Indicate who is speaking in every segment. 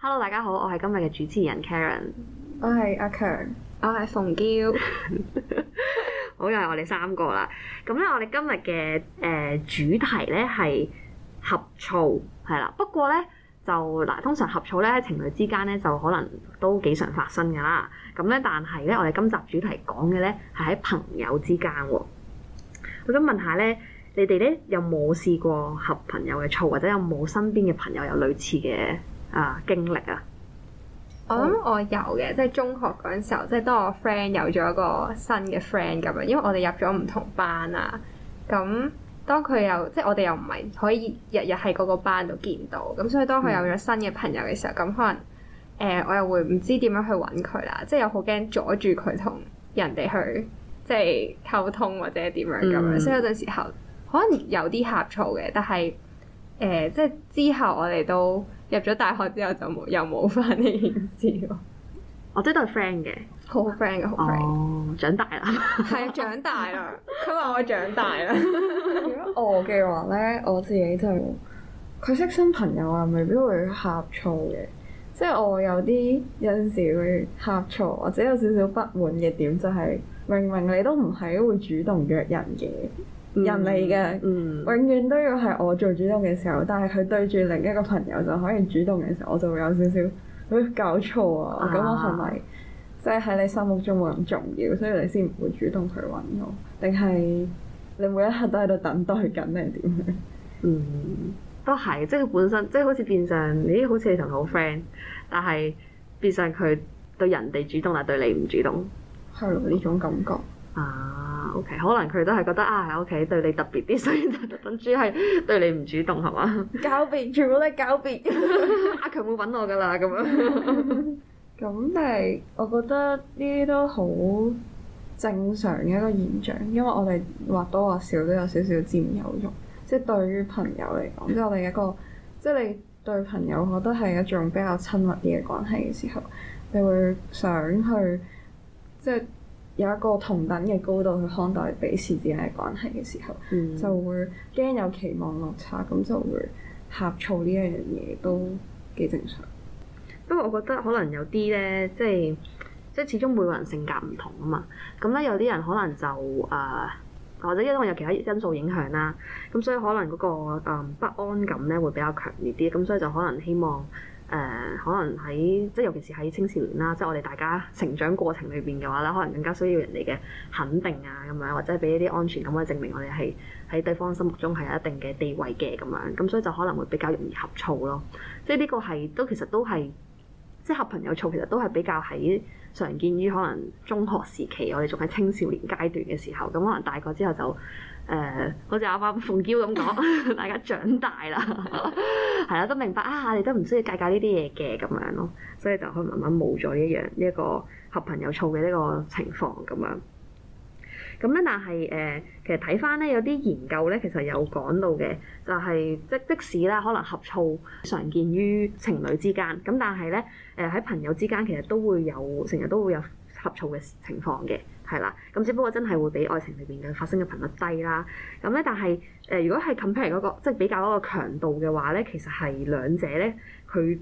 Speaker 1: Hello，大家好，我係今日嘅主持人 Karen，我係阿強，我係馮嬌，好又係我哋三個啦。咁咧，我哋今日嘅誒主題咧係呷醋，係啦，不過咧。就嗱，通常呷醋咧情侶之間咧，就可能都幾常發生㗎喇。咁咧，但係咧，我哋今集主題講嘅咧係喺朋友之間。我想問下咧，你哋咧有冇試過呷朋友嘅醋，或者有冇身邊嘅朋友有類似嘅啊經歷啊？歷啊，
Speaker 2: 我諗我有嘅，即係中學嗰陣時候，即係當我 friend 有咗一個新嘅 friend 咁樣，因為我哋入咗唔同班啊，咁。當佢又即係我哋又唔係可以日日喺嗰個班度見到，咁所以當佢有咗新嘅朋友嘅時候，咁、嗯、可能誒、呃、我又會唔知點樣去揾佢啦，即係又好驚阻住佢同人哋去即係溝通或者點樣咁、嗯、樣，所以有陣時候可能有啲呷醋嘅，但係誒、呃、即係之後我哋都入咗大學之後就冇又冇翻呢件事。我都係 friend 嘅，好 friend 嘅，好 friend，oh。哦， 長大啦，係啊，長大啦。佢話我長大啦。 如果
Speaker 3: 我嘅話咧，我自己就佢、是、識新朋友啊，未必會呷醋嘅。即係我有啲有陣時會呷醋，或者有少少不滿嘅點就係、是，明明你都唔係會主動約人嘅，mm hmm. 人嚟嘅，mm hmm. 永遠都要係我做主動嘅時候。但係佢對住另一個朋友就可以主動嘅時候，我就會有少少。佢搞錯啊！咁我係咪即係喺你心目中冇咁重要，所以你先唔會主動去搵我？定係你每一刻都喺度等待
Speaker 1: 緊，定係點咧？嗯，都係，即係佢本身，即係好似變相，咦，好似你同佢好 friend，但係變相，佢對人哋主動啦，對你唔主動，係咯，呢種感覺啊。OK，可能佢都係覺得啊，O K，對你特別啲，所以特登主係對你唔主動係嘛？狡辯，全部都係狡辯， 阿強冇揾我噶啦咁樣。
Speaker 3: 咁、嗯、但係，我覺得呢啲都好正常嘅一個現象，因為我哋或多或少都有少少佔有慾，即係對於朋友嚟講，即係我哋一個，即係你對朋友，我覺得係一種比較親密啲嘅關係嘅時候，你會想去，即係。有一個同等嘅高度去看待彼此之間嘅關係嘅時候，嗯、就會驚有期望落差，咁就會呷醋呢樣嘢都幾正常。
Speaker 1: 不過我覺得可能有啲呢，即係即係始終每個人性格唔同啊嘛。咁咧有啲人可能就誒、呃，或者因為有其他因素影響啦，咁所以可能嗰個不安感呢會比較強烈啲，咁所以就可能希望。誒、呃、可能喺即係尤其是喺青少年啦，即係我哋大家成長過程裏邊嘅話啦，可能更加需要人哋嘅肯定啊咁樣，或者係俾一啲安全感去證明我哋係喺對方心目中係有一定嘅地位嘅咁樣，咁所以就可能會比較容易呷醋咯。即係呢個係都其實都係即係呷朋友醋其實都係比較喺。常見於可能中學時期，我哋仲喺青少年階段嘅時候，咁可能大個之後就誒、呃，好似啱啱馮嬌咁講，大家長大啦，係啦， 都明白啊，我哋都唔需要介介呢啲嘢嘅咁樣咯，所以就可以慢慢冇咗一樣一個呷朋友醋嘅呢個情況咁樣。咁咧，但係誒、呃，其實睇返咧，有啲研究咧，其實有講到嘅，就係、是、即即使咧，可能呷醋常見於情侶之間，咁但係咧，誒、呃、喺朋友之間其實都會有成日都會有呷醋嘅情況嘅，係啦。咁只不過真係會比愛情裏邊嘅發生嘅頻率低啦。咁、啊、咧，但係誒、呃，如果係 compare 嗰個即係比較嗰、那個就是、個強度嘅話咧，其實係兩者咧，佢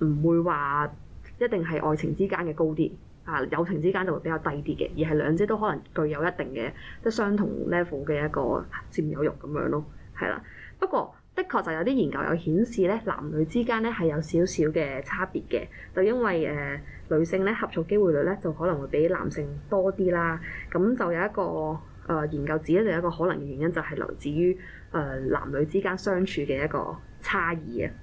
Speaker 1: 唔會話一定係愛情之間嘅高啲。啊，友情之間就會比較低啲嘅，而係兩者都可能具有一定嘅即相同 level 嘅一個佔有欲咁樣咯，係啦。不過的確就有啲研究有顯示咧，男女之間咧係有少少嘅差別嘅，就因為誒、呃、女性咧合作機會率咧就可能會比男性多啲啦。咁就有一個誒、呃、研究指出，有一個可能嘅原因就係來自於誒男女之間相處嘅一個差異啊。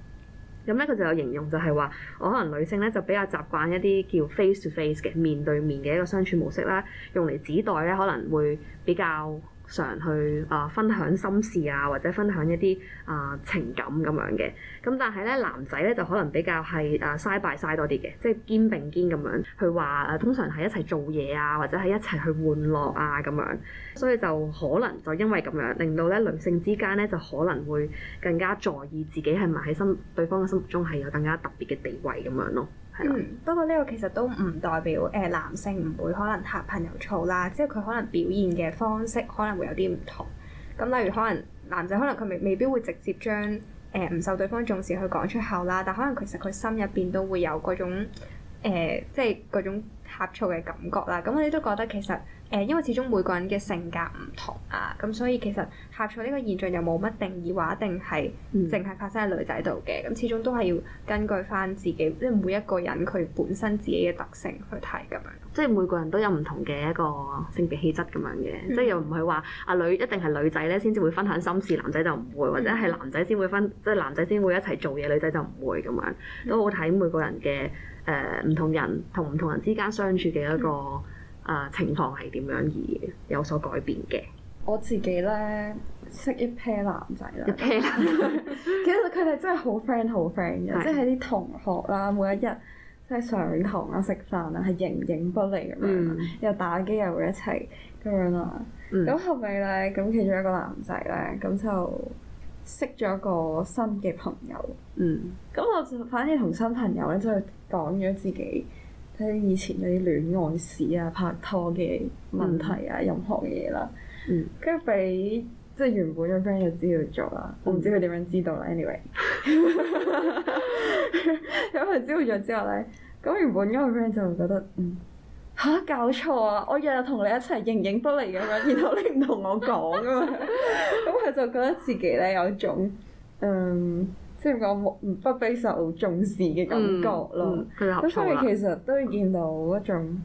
Speaker 1: 咁咧佢就有形容就係話，我可能女性咧就比較習慣一啲叫 face to face 嘅面對面嘅一個相處模式啦，用嚟指代咧可能會比較。常去啊，呃，分享心事啊，或者分享一啲啊，呃、情感咁樣嘅。咁但係咧，男仔咧就可能比較係啊嘥拜嘥多啲嘅，即係肩並肩咁樣去話，呃。通常係一齊做嘢啊，或者係一齊去玩樂啊咁樣，所以就可能就因為咁樣，令到咧女性之間咧就可能會更加在意自己係咪喺心對方嘅心目中係有更加特別嘅地位咁樣咯。
Speaker 2: 嗯，不過呢個其實都唔代表誒、呃、男性唔會可能呷朋友醋啦，即係佢可能表現嘅方式可能會有啲唔同。咁例如可能男仔可能佢未未必會直接將誒唔、呃、受對方重視去講出口啦，但可能其實佢心入邊都會有嗰種。誒、呃，即係嗰種呷醋嘅感覺啦。咁我哋都覺得其實，誒、呃，因為始終每個人嘅性格唔同啊，咁所以其實呷醋呢個現象又冇乜定義話，一定係淨係發生喺女仔度嘅。咁、嗯、始終都係要根據翻自
Speaker 1: 己，即係每一個人佢本身自己嘅特性去睇。咁樣。即係每個人都有唔同嘅一個性別氣質咁樣嘅，嗯、即係又唔係話啊女一定係女仔咧先至會分享心事，男仔就唔會，或者係男仔先會分，即係、嗯、男仔先會一齊做嘢，女仔就唔會咁樣。都好睇每個人嘅。誒唔同人同唔同人之間相處嘅一個啊情況係點樣而有所改變嘅？
Speaker 3: 我自己咧識一 pair 男仔啦，一 pair 男仔，其實佢哋真係好 friend 好 friend 嘅，即係啲同學啦，每、嗯、一日即係上堂啊、食飯啊，係形影不離咁樣，又打機又一齊咁樣啦。咁後尾咧，咁其中一個男仔咧，咁就～識咗個新嘅朋友，嗯，咁我就反而同新朋友咧，即係講咗自己睇以前啲戀愛史啊、拍拖嘅問題啊、嗯、任何嘢啦，嗯，跟住俾即係原本嘅 friend 就知道咗啦，嗯、我唔知佢點樣知道啦，anyway，因為 知道咗之後咧，咁原本嗰個 friend 就會覺得，嗯。吓搞錯啊！錯我日日同你一齊形影不離咁樣，然後你唔同我講啊嘛，咁佢 就覺得自己咧有一種，嗯，即、就、係、是、我唔不被受重視嘅感覺咯。咁、嗯嗯、所以其實都見到一種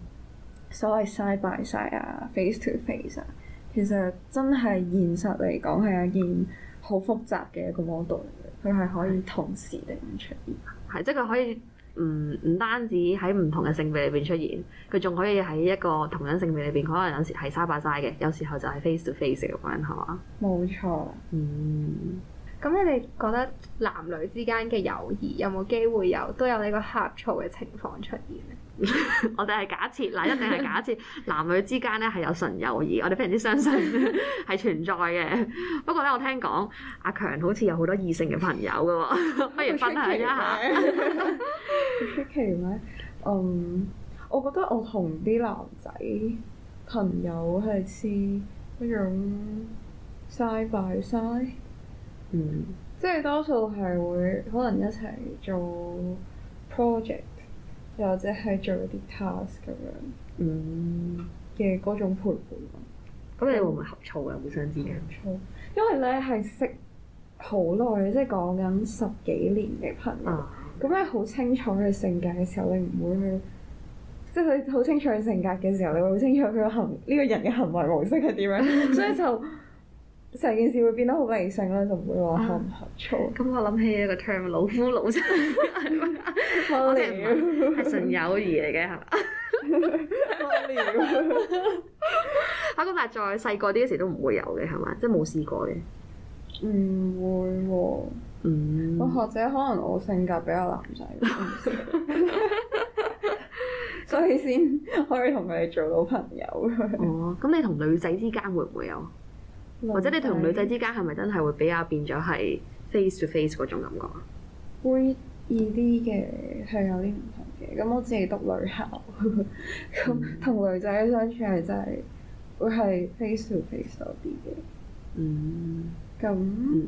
Speaker 3: 所謂 side by side 啊，face to face 啊，其實真係現實嚟講係一件好複雜嘅一個 model 嚟嘅，佢係可以同
Speaker 1: 時地出現，係即係佢可以。唔唔單止喺唔同嘅性別裏邊出現，佢仲可以喺一個同樣性別裏邊，可能有時係 side by side 嘅，有時候就係 face to face 咁樣嘛。冇沒錯。嗯。
Speaker 2: 咁你哋覺得男女之間嘅友誼有冇機會有都有呢個呷醋嘅情況出現咧？
Speaker 1: 我哋係假設嗱，一定係假設男女之間咧係有純友誼，我哋非常之相信係存在嘅。 不過咧，我聽講阿強好似有好多異性嘅朋友噶喎， 不如分享一下。舒淇咧，嗯、um,，我覺得我同啲男仔
Speaker 3: 朋友係似一種 side by side 嗯，即係多數係會可能一齊做 project，又或者係做一啲 task 咁樣，嗯嘅嗰種陪伴。咁、嗯、
Speaker 1: 你會唔會呷醋噶？互相知。呷
Speaker 3: 醋，因為咧係識好耐，即係講緊十幾年嘅朋友，咁你好清楚佢性格嘅時候，你唔會去，即係你好清楚佢性格嘅時候，你會好清楚佢個行呢、這個人嘅行為模式係點樣， 所以就。 成件事會變得好理
Speaker 1: 性啦，就唔會話呷唔呷醋。咁我諗起一個 term 老夫老妻， 是是我哋係純友誼嚟嘅，係嘛？我哋啊咁，但係再細個啲嗰時都唔會有嘅，係嘛？即係冇試過嘅。唔、
Speaker 3: 嗯、會喎、哦。我、嗯、或者可能我性格比較男仔，嗯、
Speaker 1: 所以先可以同佢哋做到朋友。哦，咁你同女仔之間會唔會有？或者你同女仔之間係咪真係會比較變咗係 face to face 嗰種感覺？
Speaker 3: 會易啲嘅，係有啲唔同嘅，咁我自己讀女校，咁 同女仔嘅相處係真係會係 face to face 多啲嘅。嗯，咁那、嗯、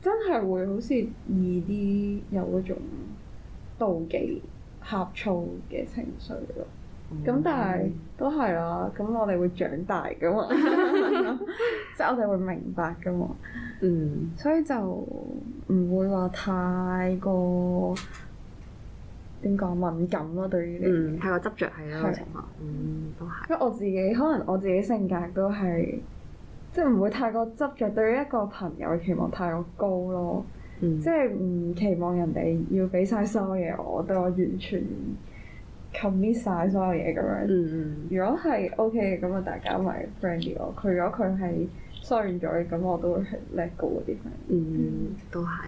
Speaker 3: 真係會好似易啲有嗰種妒忌、呷醋嘅情緒咯。咁但係都係啦，咁我哋會長大噶嘛，即係 我哋會明白噶嘛，嗯，所以就唔會話太過點講敏感咯，對於你、嗯，太
Speaker 1: 過執着係啊。情況是，嗯，都係，
Speaker 3: 因為我自己可能我自己性格都係，即係唔會太過執着對於一個朋友嘅期望太過高咯，即係唔期望人哋要俾晒所有嘢我，對我完全 commit 曬所有嘢咁樣，如果係 OK 嘅咁啊，大家咪 friend 咯。佢如果佢係疏遠咗嘅，咁我都會 let
Speaker 1: go 啲，嗯，嗯都係。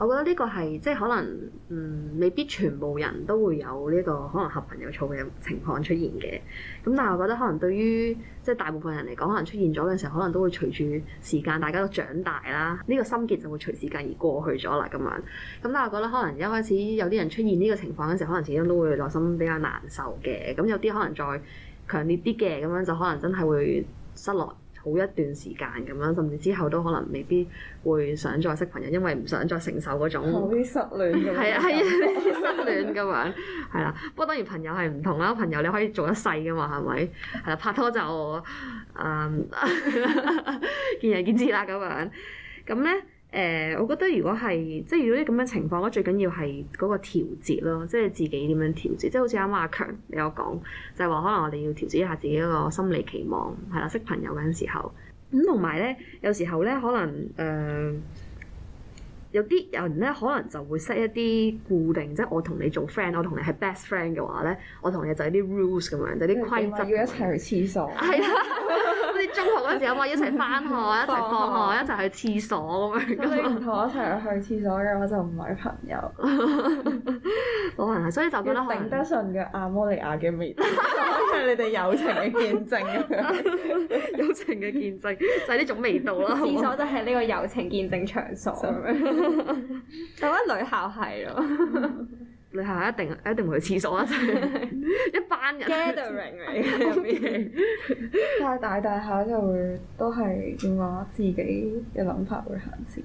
Speaker 1: 我覺得呢個係即係可能，嗯，未必全部人都會有呢個可能合朋友嘈嘅情況出現嘅。咁但係我覺得可能對於即係大部分人嚟講，可能出現咗嘅時候，可能都會隨住時間大家都長大啦，呢個心結就會隨時間而過去咗啦咁樣。咁但係我覺得可能一開始有啲人出現呢個情況嘅時候，可能始終都會內心比較難受嘅。咁有啲可能再強烈啲嘅，咁樣就可能真係會失落好一段時間咁樣，甚至之後都可能未必會想再識朋友，因為唔想再承受嗰種。好失戀咁。係啊，係啊，失戀咁樣。係啦， 不過當然朋友係唔同啦，朋友你可以做一世㗎嘛，係咪？係啦，拍拖就誒 見仁見智啦咁樣。咁咧。誒，我覺得如果係即係遇到啲咁嘅情況，我最緊要係嗰個調節咯，即係自己點樣調節，即係好似啱啱阿強你有講，就係、是、話可能我哋要調節一下自己一個心理期望，係啦，識朋友嗰陣時候，咁同埋咧，有時候咧，可能誒、呃、有啲人咧，可能就會 set 一啲固定，即係我同你做 friend，我同你係 best friend 嘅話咧，我同你就有啲 rules 咁樣，就啲規則，要一齊去廁所，係啦。中學嗰陣時，有冇一齊翻學，一齊放學，一
Speaker 3: 齊去廁所咁樣。你唔同我一齊去廁所嘅，我就唔係朋友。哇！ 所以就覺得頂得順嘅阿摩利亞嘅味
Speaker 1: 道，係你哋友情嘅見證。友情嘅見證就係呢種味道啦。廁所就
Speaker 2: 係呢個友情見證場所。咁樣嗎，得 女校係咯。 嗯你下一定一定會去廁所啊！
Speaker 1: 一班人 gathering 嚟
Speaker 3: 嘅，但係大大下就會都係用我自己嘅諗法會行先，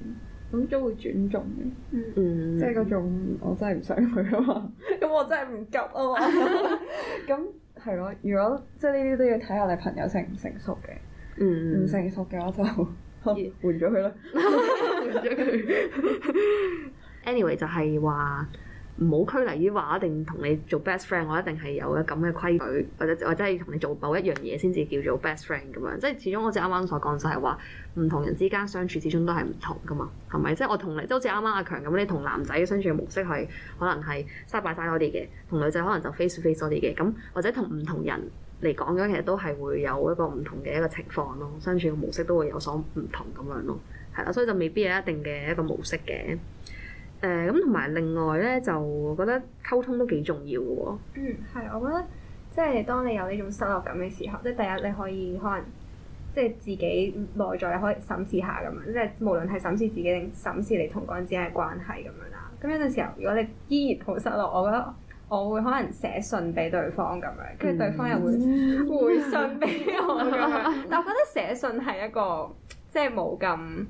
Speaker 3: 咁都會轉重嘅，即係嗰種我真係唔想去啊嘛！咁 我真係唔急啊嘛！咁係咯，如果即係呢啲都要睇下你朋友成唔成熟嘅，嗯、唔成熟嘅話就 換
Speaker 1: 咗佢啦，換咗佢。Anyway，就係話。唔好拘泥於話一定同你做 best friend，我一定係有一咁嘅規矩，或者或者係同你做某一樣嘢先至叫做 best friend 咁樣。即係始終好似啱啱所講就係話，唔同人之間相處始終都係唔同噶嘛，係咪？即係我同你，即好似啱啱阿強咁，你同男仔嘅相處模式係可能係失敗曬多啲嘅，同女仔可能就 face face 多啲嘅。咁或者同唔同人嚟講嘅，其實都係會有一個唔同嘅一個情況咯，相處嘅模式都會有所唔同咁樣咯。係啦，所以就未必有一定嘅一個模式嘅。誒咁同埋另外咧，就覺得溝通都幾重要喎。
Speaker 2: 嗯，係，我覺得即係當你有呢種失落感嘅時候，即係第一你可以可能即係自己內在可以審視下咁樣，即係無論係審視自己定審視你同嗰人之間嘅關係咁樣啦。咁有陣時候，如果你依然好失落，我覺得我會可能寫信俾對方咁樣，跟住對方又會回、嗯、信俾我咁樣。 但我覺得寫信係一個即係冇咁。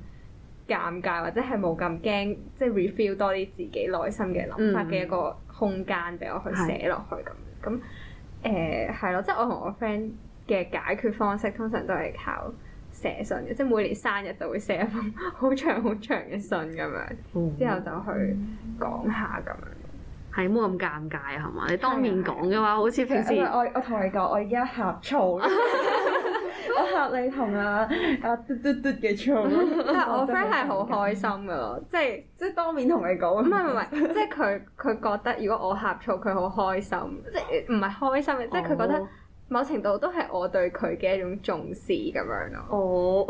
Speaker 2: 尷尬或者係冇咁驚，即係 refill 多啲自己內心嘅諗法嘅一個空間俾我去寫落去咁。咁誒係咯，即係我同我 friend 嘅解決方式通常都係靠寫信嘅，即係每年生日就會寫一
Speaker 1: 封好長好長嘅信咁樣，之後就去講下咁、mm. 樣。係冇咁尷尬係嘛？你當面講嘅話，好似平似平時我
Speaker 3: 我同你講，我而家呷醋。
Speaker 1: 我呷你同啊啊嘟嘟嘟嘅醋，
Speaker 3: 但係 我 friend 係好
Speaker 2: 開心㗎囉，即係即係當面同你講， 唔係唔係，即係佢佢覺得如果我呷醋，佢好開心，即係唔係開心，即係佢覺得、 哦。某程度都係我對佢嘅一種重視咁樣咯。哦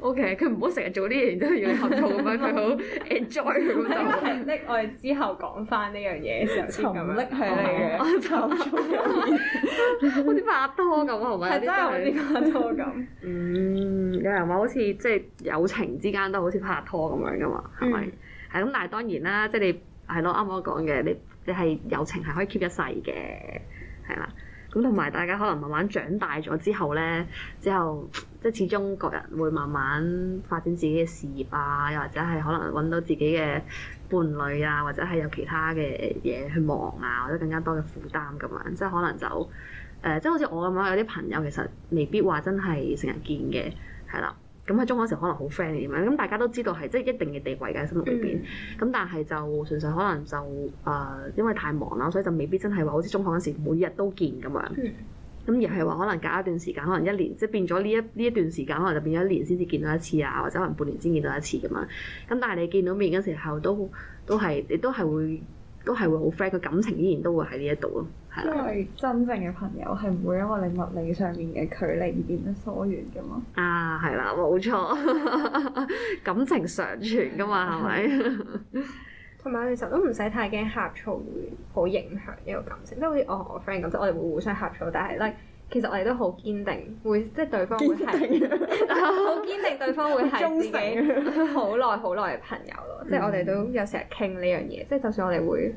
Speaker 2: ，O K，佢唔好成日做呢樣，然之後要你合作咁樣，佢好 enjoy 咁 樣。沉溺，我哋之後講翻呢樣嘢嘅時候先咁樣。沉溺佢哋嘅，沉溺。
Speaker 1: 好似拍拖咁，係咪？係真係好似拍拖咁。嗯，有人話好似即係友情之間都好似拍拖咁樣噶嘛？係咪？係咁，但係當然啦，即係你係咯，啱啱我講嘅，你你係友情係可以 keep 一世嘅，係啦。咁同埋大家可能慢慢長大咗之後咧，之後即係始終個人會慢慢發展自己嘅事業啊，又或者係可能揾到自己嘅伴侶啊，或者係有其他嘅嘢去忙啊，或者更加多嘅負擔咁樣，即係可能就誒，即係好似我咁樣，有啲朋友其實未必話真係成日見嘅，係啦。咁喺中學嗰時候可能好 friend 咁樣，咁大家都知道係即係一定嘅地位嘅喺生活裏邊。咁但係就純粹可能就誒、呃，因為太忙啦，所以就未必真係話好似中學嗰時每日都見咁樣。咁而係話可能隔一段時間，可能一年即係變咗呢一呢一段時間，可能就變咗一年先至見到一次啊，或者可能半年先見到一次咁樣。咁但係你見到面嘅時候都都係你都係會。都係會好 friend，個感情依然都會喺呢一度咯。
Speaker 3: 因為真正嘅朋友係唔會因為你物理上面嘅距離而變得疏遠噶嘛。
Speaker 1: 啊，係啦，冇錯， 感情常存噶嘛，係咪的？同埋吧，其實都唔
Speaker 2: 使太驚呷醋，會好影響呢個感情。即係好似、哦哦、我同我 friend 咁，即我哋會互相呷醋，但係咧。其實我哋都好堅定，會即對方會係
Speaker 1: 好堅定， 對方會係自己
Speaker 2: 好耐好耐嘅朋友咯。 嗯、即我哋都有成日傾呢樣嘢。即就算我哋會誒、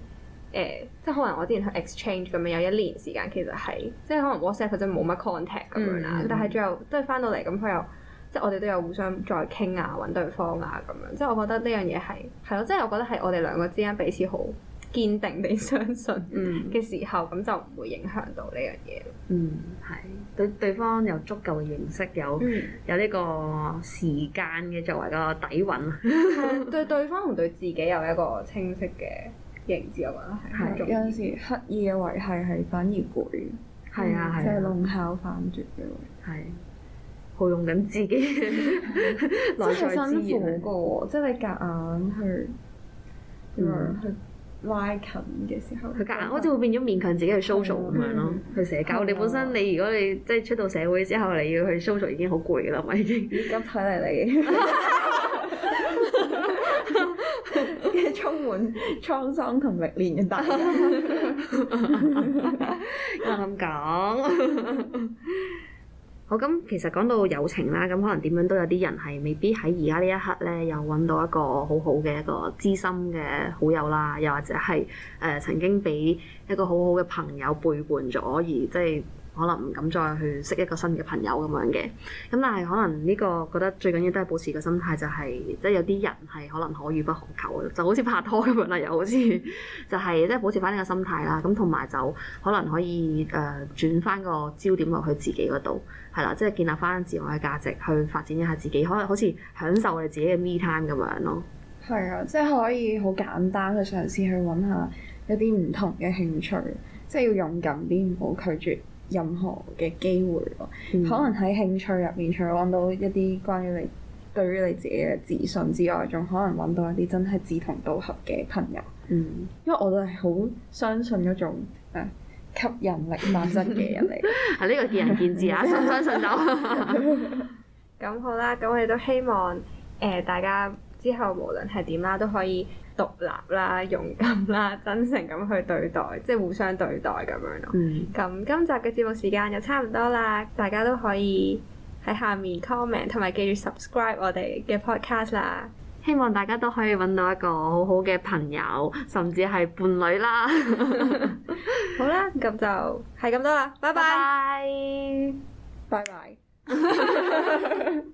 Speaker 2: 呃，即可能我之前去 exchange 咁樣有一年時間，其實係即可能 WhatsApp 佢真冇乜 contact 咁樣啦。嗯、但係最後都翻到嚟咁，佢又即我哋都有互相再傾啊，揾對方啊咁樣。即我覺得呢樣嘢係係咯，即我覺得係我哋兩個之間彼此好堅定地相信嘅、嗯、時候，咁就唔會影響到呢樣嘢咯。嗯，係
Speaker 1: 對對方有足夠認識，有、嗯、有呢個時間嘅作為個底蘊， 對
Speaker 2: 對，對方同對自己有一個清晰嘅認知，我覺得
Speaker 3: 係。有陣時刻意嘅維繫係反而攰，係啊係，即係弄巧反拙嘅，係好用緊自己內 在資源。真辛苦
Speaker 1: 噶，即、就、係、是、你夾硬去，
Speaker 3: 去。
Speaker 1: 去拉近嘅時候，佢夾硬，好似會變咗勉強自己去 social 咁樣咯，去社交。嗯、你本身你如果你即係出到社會之後，你要去 social 已經好攰㗎啦嘛，已經。咁睇嚟你，係 充滿滄桑同歷練嘅大
Speaker 3: 硬說，
Speaker 1: 咁講。好，咁，其實講到友情啦，咁可能點樣都有啲人係未必喺而家呢一刻咧，又揾到一個好好嘅一個知心嘅好友啦，又或者係誒、呃、曾經俾一個好好嘅朋友背叛咗，而即係。可能唔敢再去識一個新嘅朋友咁樣嘅，咁但係可能呢個覺得最緊要都係保持個心態，就係即係有啲人係可能可遇不可求嘅，就好似拍拖咁啊，又好似就係即係保持翻呢個心態啦。咁同埋就可能可以誒轉翻個焦點落去自己嗰度，係啦，即係建立翻自我嘅價值，去發展一下自己，可能好似享受我哋自己嘅 me time 咁樣咯。
Speaker 3: 係啊，即係可以好簡單去嘗試去揾下一啲唔同嘅興趣，即係要勇敢啲，唔好拒絕。任何嘅機會可能喺興趣入面，除咗揾到一啲關於你對於你自己嘅自信之外，仲可能揾到一啲真係志同道合嘅朋友。嗯，因為我都係好相信嗰種吸引力產生嘅人嚟，
Speaker 1: 啊呢、呢個見仁見智啊，相信就
Speaker 2: 咁 好啦。咁我哋都希望誒大家之後無論係點啦，都可以。獨立啦、勇敢啦、真誠咁去對待，即係互相對待咁樣咯。咁、嗯、今集嘅節目時間就差唔多啦，大家都可以喺下面 comment，同埋記住 subscribe 我哋
Speaker 1: 嘅 podcast 啦。希望大家都可以揾到一個好好嘅朋友，甚至係伴侶啦。 好啦，咁就係咁多啦，拜拜，拜拜。